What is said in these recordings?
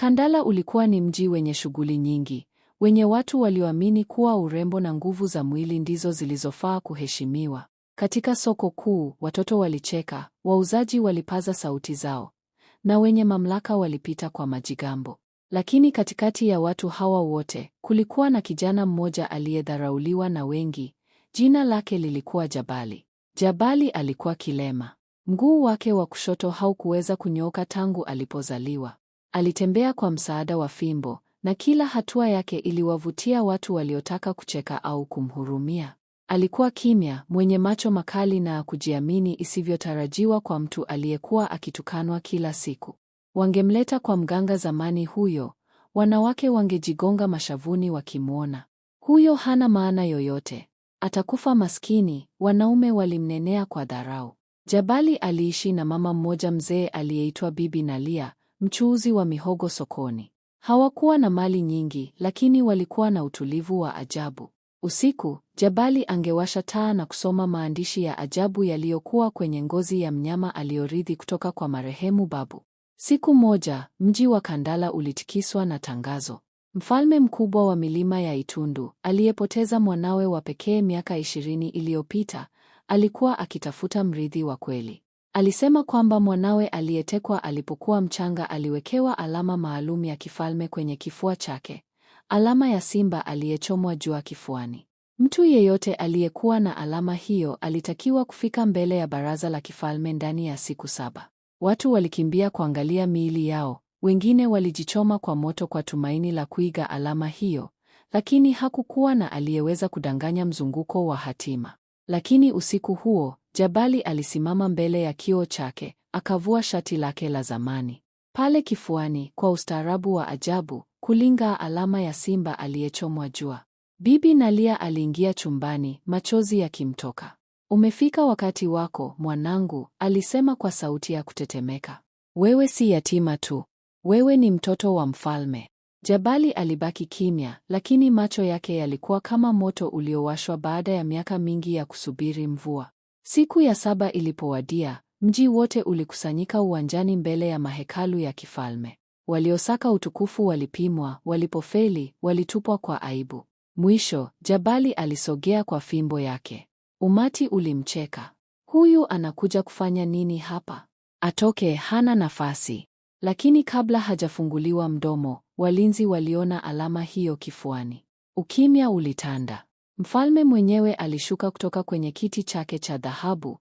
Kandala ulikuwa ni mji wenye shughuli nyingi, wenye watu walioamini kuwa urembo na nguvu za mwili ndizo zilizofaa kuheshimiwa. Katika soko kuu, watoto walicheka, wauzaji walipaza sauti zao, na wenye mamlaka walipita kwa majigambo. Lakini katikati ya watu hawa wote, kulikuwa na kijana mmoja aliyedharauliwa na wengi. Jina lake lilikuwa Jabali. Jabali alikuwa kilema. Mguu wake wa kushoto haukuweza kunyooka tangu alipozaliwa. Alitembea kwa msaada wa fimbo na kila hatua yake iliwavutia watu waliotaka kucheka au kumhurumia. Alikuwa kimya, mwenye macho makali na kujiamini isivyotarajiwa kwa mtu aliyekuwa akitukanwa kila siku. Wangemleta kwa mganga zamani huyo, wanawake wangejigonga mashavuni wakimwona. Huyo hana maana yoyote, atakufa maskini, wanaume walimnenea kwa dharau. Jabali aliishi na mama mmoja mzee aliyeitwa Bibi Nalia mchuuzi wa mihogo sokoni. Hawakuwa na mali nyingi, lakini walikuwa na utulivu wa ajabu. Usiku, Jabali angewasha taa na kusoma maandishi ya ajabu yaliyokuwa kwenye ngozi ya mnyama aliyorithi kutoka kwa marehemu babu. Siku moja, mji wa Kandala ulitikiswa na tangazo. Mfalme mkubwa wa milima ya Itundu, aliyepoteza mwanawe wa pekee miaka ishirini iliyopita, alikuwa akitafuta mrithi wa kweli. Alisema kwamba mwanawe aliyetekwa alipokuwa mchanga aliwekewa alama maalum ya kifalme kwenye kifua chake, alama ya simba aliyechomwa jua kifuani. Mtu yeyote aliyekuwa na alama hiyo alitakiwa kufika mbele ya baraza la kifalme ndani ya siku saba. Watu walikimbia kuangalia miili yao, wengine walijichoma kwa moto kwa tumaini la kuiga alama hiyo, lakini hakukuwa na aliyeweza kudanganya mzunguko wa hatima. Lakini usiku huo Jabali alisimama mbele ya kioo chake, akavua shati lake la zamani. Pale kifuani, kwa ustaarabu wa ajabu, kulinga alama ya simba aliyechomwa jua. Bibi Nalia aliingia chumbani, machozi yakimtoka. Umefika wakati wako, mwanangu, alisema kwa sauti ya kutetemeka. Wewe si yatima tu, wewe ni mtoto wa mfalme. Jabali alibaki kimya, lakini macho yake yalikuwa kama moto uliowashwa baada ya miaka mingi ya kusubiri mvua. Siku ya saba ilipowadia, mji wote ulikusanyika uwanjani mbele ya mahekalu ya kifalme. Waliosaka utukufu walipimwa, walipofeli walitupwa kwa aibu. Mwisho, Jabali alisogea kwa fimbo yake. Umati ulimcheka. Huyu anakuja kufanya nini hapa? Atoke, hana nafasi. Lakini kabla hajafunguliwa mdomo, walinzi waliona alama hiyo kifuani. Ukimya ulitanda. Mfalme mwenyewe alishuka kutoka kwenye kiti chake cha dhahabu,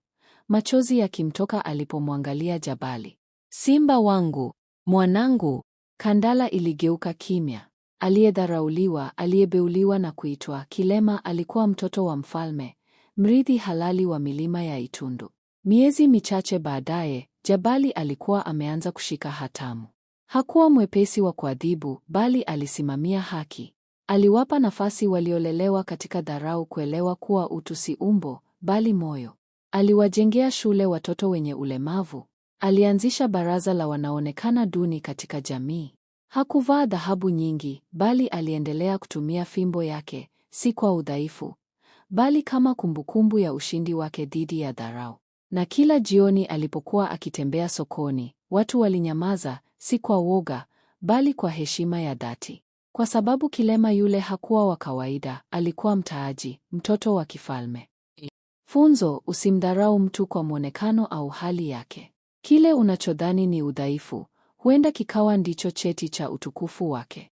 machozi yakimtoka alipomwangalia Jabali. Simba wangu, mwanangu. Kandala iligeuka kimya. Aliyedharauliwa, aliyebeuliwa na kuitwa kilema alikuwa mtoto wa mfalme, mrithi halali wa milima ya Itundu. Miezi michache baadaye, Jabali alikuwa ameanza kushika hatamu. Hakuwa mwepesi wa kuadhibu, bali alisimamia haki. Aliwapa nafasi waliolelewa katika dharau kuelewa kuwa utu si umbo, bali moyo. Aliwajengea shule watoto wenye ulemavu. Alianzisha baraza la wanaonekana duni katika jamii. Hakuvaa dhahabu nyingi, bali aliendelea kutumia fimbo yake, si kwa udhaifu, bali kama kumbukumbu ya ushindi wake dhidi ya dharau. Na kila jioni alipokuwa akitembea sokoni, watu walinyamaza, si kwa woga, bali kwa heshima ya dhati. Kwa sababu kilema yule hakuwa wa kawaida, alikuwa mtaaji, mtoto wa kifalme. Funzo: usimdharau mtu kwa mwonekano au hali yake. Kile unachodhani ni udhaifu, huenda kikawa ndicho cheti cha utukufu wake.